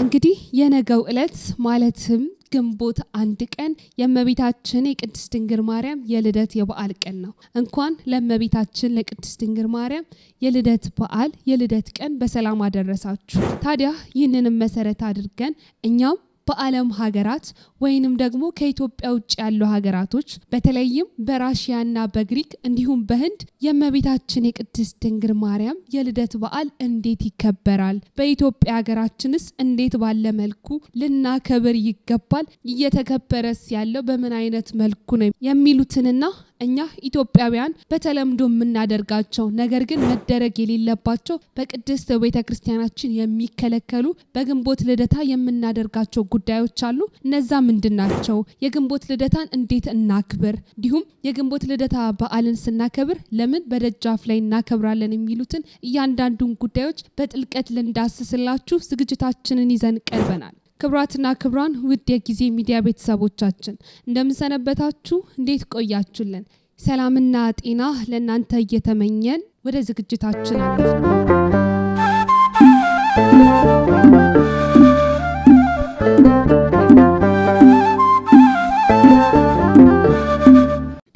እንግዲህ የነገው ዕለት ማለትም ግንቦት አንድ ቀን የእመቤታችን የቅድስት ድንግል ማርያም የልደት የበዓል ቀን ነው። እንኳን ለእመቤታችን ለቅድስት ድንግል ማርያም የልደት በዓል የልደት ቀን በሰላም አደረሳችሁ። ታዲያ ይህንንም መሰረት አድርገን እኛም በዓለም ሀገራት ወይንም ደግሞ ከኢትዮጵያ ውጭ ያሉ ሀገራቶች በተለይም በራሽያና በግሪክ እንዲሁም በህንድ የእመቤታችን የቅድስት ድንግል ማርያም የልደት በዓል እንዴት ይከበራል? በኢትዮጵያ ሀገራችንስ እንዴት ባለ መልኩ ልናከብር ይገባል? እየተከበረስ ያለው በምን አይነት መልኩ ነው የሚሉትንና እኛ ኢትዮጵያውያን በተለምዶ የምናደርጋቸው ነገር ግን መደረግ የሌለባቸው በቅድስት ቤተ ክርስቲያናችን የሚከለከሉ በግንቦት ልደታ የምናደርጋቸው ጉዳዮች አሉ። እነዛ ምንድን ናቸው? የግንቦት ልደታን እንዴት እናክብር? እንዲሁም የግንቦት ልደታ በዓልን ስናከብር ለምን በደጃፍ ላይ እናከብራለን? የሚሉትን እያንዳንዱን ጉዳዮች በጥልቀት ልንዳስስላችሁ ዝግጅታችንን ይዘን ቀርበናል። ክብራትና ክብራን ውድ የጊዜ ሚዲያ ቤተሰቦቻችን እንደምንሰነበታችሁ፣ እንዴት ቆያችሁልን? ሰላምና ጤና ለእናንተ እየተመኘን ወደ ዝግጅታችን አለፍ።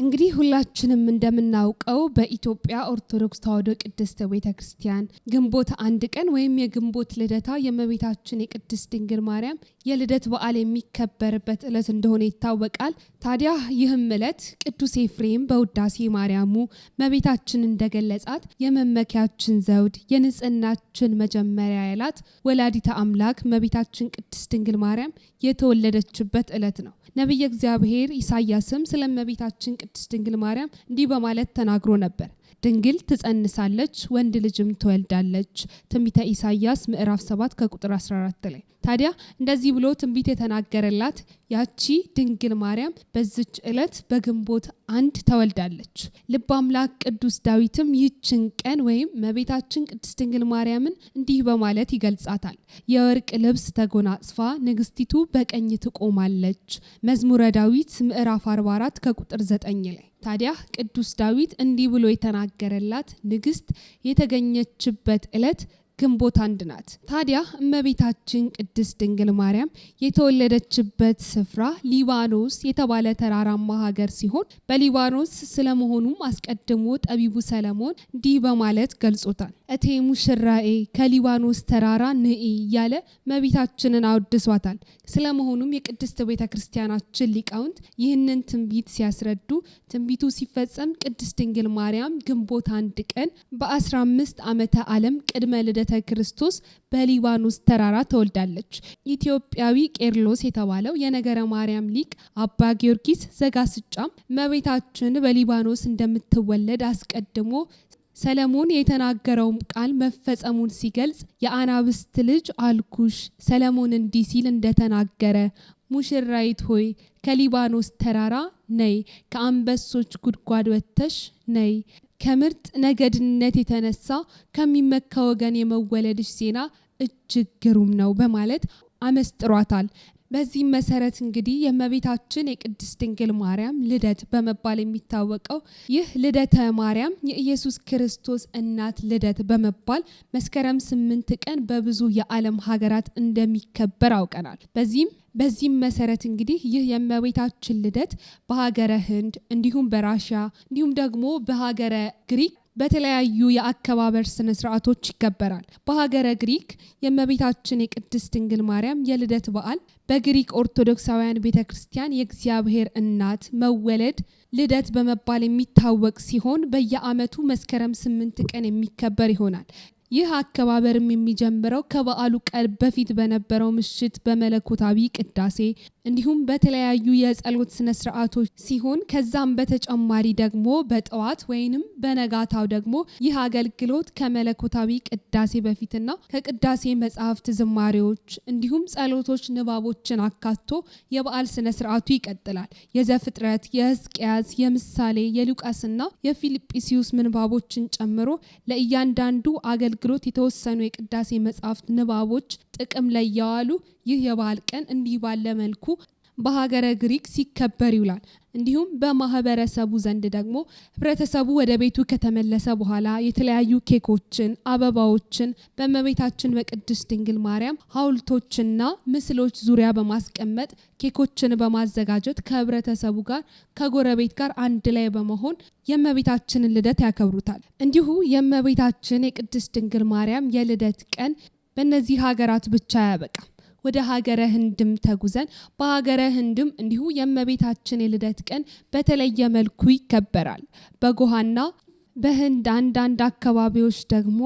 እንግዲህ ሁላችንም እንደምናውቀው በኢትዮጵያ ኦርቶዶክስ ተዋሕዶ ቅድስት ቤተ ክርስቲያን ግንቦት አንድ ቀን ወይም የግንቦት ልደታ የእመቤታችን የቅድስት ድንግል ማርያም የልደት በዓል የሚከበርበት ዕለት እንደሆነ ይታወቃል። ታዲያ ይህም ዕለት ቅዱስ ኤፍሬም በውዳሴ ማርያሙ እመቤታችን እንደገለጻት የመመኪያችን ዘውድ የንጽህናችን መጀመሪያ ያላት ወላዲተ አምላክ እመቤታችን ቅድስት ድንግል ማርያም የተወለደችበት ዕለት ነው። ነቢየ እግዚአብሔር ኢሳያስም ስለ እመቤታችን ቅድስት ድንግል ማርያም እንዲህ በማለት ተናግሮ ነበር ድንግል ትጸንሳለች፣ ወንድ ልጅም ትወልዳለች። ትንቢተ ኢሳያስ ምዕራፍ 7 ከቁጥር 14 ላይ። ታዲያ እንደዚህ ብሎ ትንቢት የተናገረላት ያቺ ድንግል ማርያም በዚች ዕለት በግንቦት አንድ ተወልዳለች። ልብ አምላክ ቅዱስ ዳዊትም ይችን ቀን ወይም መቤታችን ቅድስት ድንግል ማርያምን እንዲህ በማለት ይገልጻታል። የወርቅ ልብስ ተጎናጽፋ ንግስቲቱ በቀኝ ትቆማለች። መዝሙረ ዳዊት ምዕራፍ 44 ከቁጥር 9 ላይ። ታዲያ ቅዱስ ዳዊት እንዲህ ብሎ የተና የተናገረላት ንግስት የተገኘችበት ዕለት ግንቦት አንድ ናት። ታዲያ እመቤታችን ቅድስት ድንግል ማርያም የተወለደችበት ስፍራ ሊባኖስ የተባለ ተራራማ ሀገር ሲሆን በሊባኖስ ስለመሆኑም አስቀድሞ ጠቢቡ ሰለሞን እንዲህ በማለት ገልጾታል። እቴ ሙሽራኤ ከሊባኖስ ተራራ ንኢ እያለ መቤታችንን አወድሷታል። ስለመሆኑም የቅድስት ቤተ ክርስቲያናችን ሊቃውንት ይህንን ትንቢት ሲያስረዱ ትንቢቱ ሲፈጸም ቅድስት ድንግል ማርያም ግንቦት አንድ ቀን በ15 ዓመተ ዓለም ቅድመ ልደተ ክርስቶስ በሊባኖስ ተራራ ተወልዳለች። ኢትዮጵያዊ ቄርሎስ የተባለው የነገረ ማርያም ሊቅ አባ ጊዮርጊስ ዘጋስጫም መቤታችን በሊባኖስ እንደምትወለድ አስቀድሞ ሰለሞን የተናገረውም ቃል መፈጸሙን ሲገልጽ የአናብስት ልጅ አልኩሽ ሰለሞን እንዲህ ሲል እንደተናገረ ሙሽራይት ሆይ ከሊባኖስ ተራራ ነይ፣ ከአንበሶች ጉድጓድ ወጥተሽ ነይ። ከምርጥ ነገድነት የተነሳ ከሚመካ ወገን የመወለድሽ ዜና እጅግ ግሩም ነው በማለት አመስጥሯታል። በዚህም መሰረት እንግዲህ የእመቤታችን የቅድስት ድንግል ማርያም ልደት በመባል የሚታወቀው ይህ ልደተ ማርያም የኢየሱስ ክርስቶስ እናት ልደት በመባል መስከረም ስምንት ቀን በብዙ የዓለም ሀገራት እንደሚከበር አውቀናል። በዚህም በዚህም መሰረት እንግዲህ ይህ የእመቤታችን ልደት በሀገረ ህንድ እንዲሁም በራሽያ እንዲሁም ደግሞ በሀገረ ግሪክ በተለያዩ የአከባበር ስነ ስርዓቶች ይከበራል። በሀገረ ግሪክ የእመቤታችን የቅድስት ድንግል ማርያም የልደት በዓል በግሪክ ኦርቶዶክሳውያን ቤተ ክርስቲያን የእግዚአብሔር እናት መወለድ ልደት በመባል የሚታወቅ ሲሆን በየዓመቱ መስከረም ስምንት ቀን የሚከበር ይሆናል። ይህ አከባበርም የሚጀምረው ከበዓሉ ቀን በፊት በነበረው ምሽት በመለኮታዊ ቅዳሴ እንዲሁም በተለያዩ የጸሎት ስነ ስርዓቶች ሲሆን ከዛም በተጨማሪ ደግሞ በጠዋት ወይንም በነጋታው ደግሞ ይህ አገልግሎት ከመለኮታዊ ቅዳሴ በፊትና ከቅዳሴ መጽሐፍት ዝማሬዎች፣ እንዲሁም ጸሎቶች፣ ንባቦችን አካቶ የበዓል ስነ ስርዓቱ ይቀጥላል። የዘፍጥረት፣ የሕዝቅያስ፣ የምሳሌ፣ የሉቃስና የፊልጵስዩስ ምንባቦችን ጨምሮ ለእያንዳንዱ አገልግሎት የተወሰኑ የቅዳሴ መጽሐፍት ንባቦች ጥቅም ላይ ያዋሉ ይህ የበዓል ቀን እንዲህ ባለ መልኩ በሀገረ ግሪክ ሲከበር ይውላል። እንዲሁም በማህበረሰቡ ዘንድ ደግሞ ህብረተሰቡ ወደ ቤቱ ከተመለሰ በኋላ የተለያዩ ኬኮችን፣ አበባዎችን በእመቤታችን በቅድስት ድንግል ማርያም ሐውልቶችና ምስሎች ዙሪያ በማስቀመጥ ኬኮችን በማዘጋጀት ከህብረተሰቡ ጋር ከጎረቤት ጋር አንድ ላይ በመሆን የእመቤታችንን ልደት ያከብሩታል። እንዲሁ የእመቤታችን የቅድስት ድንግል ማርያም የልደት ቀን በእነዚህ ሀገራት ብቻ አያበቃም። ወደ ሀገረ ህንድም ተጉዘን በሀገረ ህንድም እንዲሁ የእመቤታችን የልደት ቀን በተለየ መልኩ ይከበራል። በጎሃና በህንድ አንዳንድ አካባቢዎች ደግሞ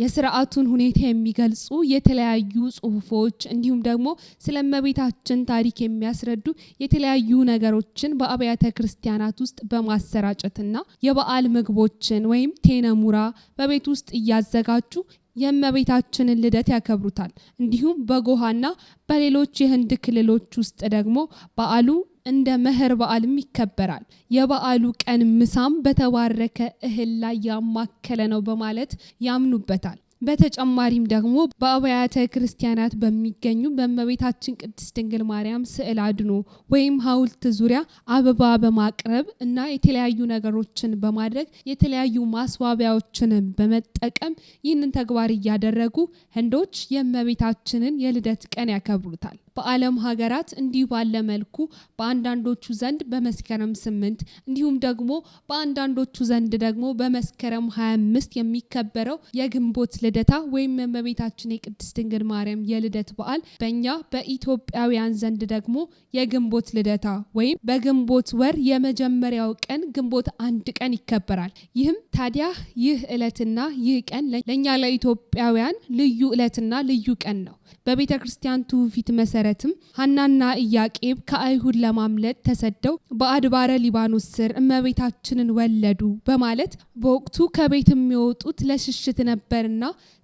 የስርዓቱን ሁኔታ የሚገልጹ የተለያዩ ጽሁፎች እንዲሁም ደግሞ ስለ እመቤታችን ታሪክ የሚያስረዱ የተለያዩ ነገሮችን በአብያተ ክርስቲያናት ውስጥ በማሰራጨትና የበዓል ምግቦችን ወይም ቴነሙራ በቤት ውስጥ እያዘጋጁ የእመቤታችንን ልደት ያከብሩታል። እንዲሁም በጎሃና በሌሎች የህንድ ክልሎች ውስጥ ደግሞ በዓሉ እንደ መኸር በዓልም ይከበራል። የበዓሉ ቀን ምሳም በተባረከ እህል ላይ ያማከለ ነው በማለት ያምኑበታል። በተጨማሪም ደግሞ በአብያተ ክርስቲያናት በሚገኙ በእመቤታችን ቅድስት ድንግል ማርያም ስዕል አድኖ ወይም ሐውልት ዙሪያ አበባ በማቅረብ እና የተለያዩ ነገሮችን በማድረግ የተለያዩ ማስዋቢያዎችን በመጠቀም ይህንን ተግባር እያደረጉ ህንዶች የእመቤታችንን የልደት ቀን ያከብሩታል። በዓለም ሀገራት እንዲህ ባለ መልኩ በአንዳንዶቹ ዘንድ በመስከረም ስምንት እንዲሁም ደግሞ በአንዳንዶቹ ዘንድ ደግሞ በመስከረም 25 የሚከበረው የግንቦት ልደታ ወይም የእመቤታችን የቅድስት ድንግል ማርያም የልደት በዓል በእኛ በኢትዮጵያውያን ዘንድ ደግሞ የግንቦት ልደታ ወይም በግንቦት ወር የመጀመሪያው ቀን ግንቦት አንድ ቀን ይከበራል። ይህም ታዲያ ይህ እለትና ይህ ቀን ለእኛ ለኢትዮጵያውያን ልዩ እለትና ልዩ ቀን ነው። በቤተ ክርስቲያን ትውፊት መሰረት መሰረትም ሀናና ኢያቄም ከአይሁድ ለማምለጥ ተሰደው በአድባረ ሊባኖስ ስር እመቤታችንን ወለዱ በማለት በወቅቱ ከቤት የሚወጡት ለሽሽት ነበርና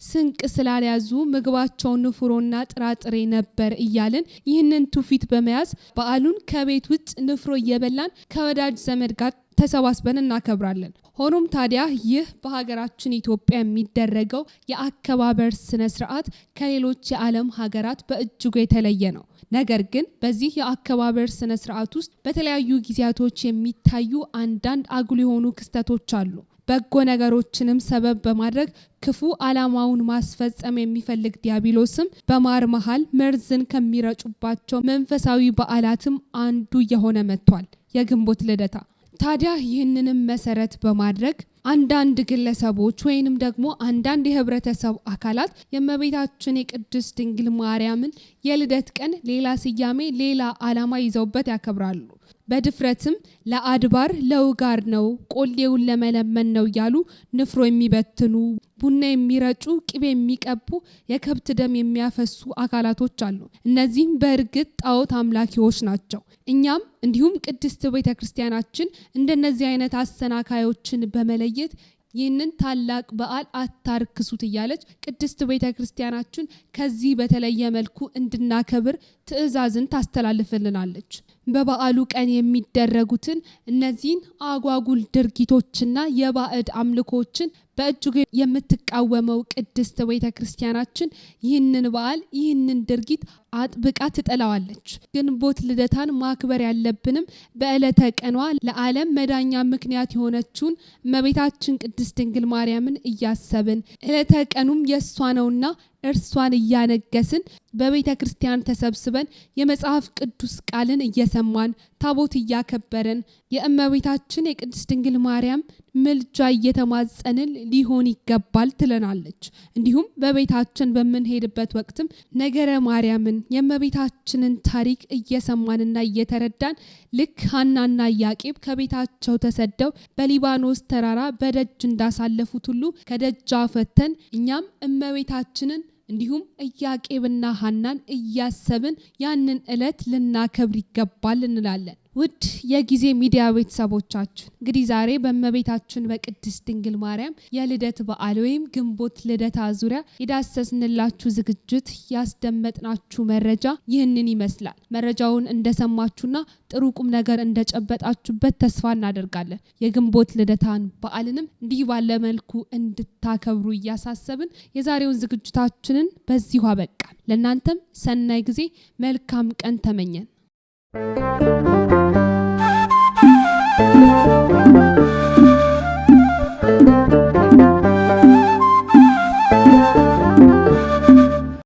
ስንቅ ስላልያዙ ምግባቸው ንፍሮና ጥራጥሬ ነበር እያልን ይህንን ትውፊት በመያዝ በዓሉን ከቤት ውጭ ንፍሮ እየበላን ከወዳጅ ዘመድ ጋር ተሰባስበን እናከብራለን። ሆኖም ታዲያ ይህ በሀገራችን ኢትዮጵያ የሚደረገው የአከባበር ስነ ስርዓት ከሌሎች የዓለም ሀገራት በእጅጉ የተለየ ነው። ነገር ግን በዚህ የአከባበር ስነ ስርዓት ውስጥ በተለያዩ ጊዜያቶች የሚታዩ አንዳንድ አጉል የሆኑ ክስተቶች አሉ። በጎ ነገሮችንም ሰበብ በማድረግ ክፉ ዓላማውን ማስፈጸም የሚፈልግ ዲያብሎስም በማር መሀል መርዝን ከሚረጩባቸው መንፈሳዊ በዓላትም አንዱ እየሆነ መጥቷል። የግንቦት ልደታ ታዲያ ይህንንም መሰረት በማድረግ አንዳንድ ግለሰቦች ወይንም ደግሞ አንዳንድ የህብረተሰብ አካላት የእመቤታችን የቅድስት ድንግል ማርያምን የልደት ቀን ሌላ ስያሜ፣ ሌላ ዓላማ ይዘውበት ያከብራሉ። በድፍረትም ለአድባር ለውጋር ነው ቆሌውን ለመለመን ነው እያሉ ንፍሮ የሚበትኑ ቡና የሚረጩ ቅቤ የሚቀቡ የከብት ደም የሚያፈሱ አካላቶች አሉ። እነዚህም በእርግጥ ጣዖት አምላኪዎች ናቸው። እኛም እንዲሁም ቅድስት ቤተ ክርስቲያናችን እንደነዚህ አይነት አሰናካዮችን በመለየት ይህንን ታላቅ በዓል አታርክሱት እያለች ቅድስት ቤተ ክርስቲያናችን ከዚህ በተለየ መልኩ እንድናከብር ትእዛዝን ታስተላልፍልናለች። በበዓሉ ቀን የሚደረጉትን እነዚህን አጓጉል ድርጊቶችና የባዕድ አምልኮችን በእጅጉ የምትቃወመው ቅድስት ቤተ ክርስቲያናችን ይህንን በዓል ይህንን ድርጊት አጥብቃ ትጠላዋለች። ግንቦት ልደታን ማክበር ያለብንም በዕለተ ቀኗ ለዓለም መዳኛ ምክንያት የሆነችውን እመቤታችን ቅድስት ድንግል ማርያምን እያሰብን ዕለተ ቀኑም የእሷ ነውና እርሷን እያነገስን በቤተ ክርስቲያን ተሰብስበን የመጽሐፍ ቅዱስ ቃልን እየሰማን ታቦት እያከበረን የእመቤታችን የቅድስት ድንግል ማርያም ምልጃ እየተማጸንን ሊሆን ይገባል ትለናለች። እንዲሁም በቤታችን በምንሄድበት ወቅትም ነገረ ማርያምን የእመቤታችንን ታሪክ እየሰማንና እየተረዳን ልክ ሀናና ያቄብ ከቤታቸው ተሰደው በሊባኖስ ተራራ በደጅ እንዳሳለፉት ሁሉ ከደጃ ፈተን እኛም እመቤታችንን እንዲሁም እያቄብና ሀናን እያሰብን ያንን ዕለት ልናከብር ይገባል እንላለን። ውድ የጊዜ ሚዲያ ቤተሰቦቻችን እንግዲህ ዛሬ በእመቤታችን በቅድስት ድንግል ማርያም የልደት በዓል ወይም ግንቦት ልደታ ዙሪያ የዳሰስንላችሁ ዝግጅት ያስደመጥናችሁ መረጃ ይህንን ይመስላል። መረጃውን እንደሰማችሁና ጥሩ ቁም ነገር እንደጨበጣችሁበት ተስፋ እናደርጋለን። የግንቦት ልደታን በዓልንም እንዲህ ባለ መልኩ እንድታከብሩ እያሳሰብን የዛሬውን ዝግጅታችንን በዚሁ አበቃል። ለእናንተም ሰናይ ጊዜ፣ መልካም ቀን ተመኘን።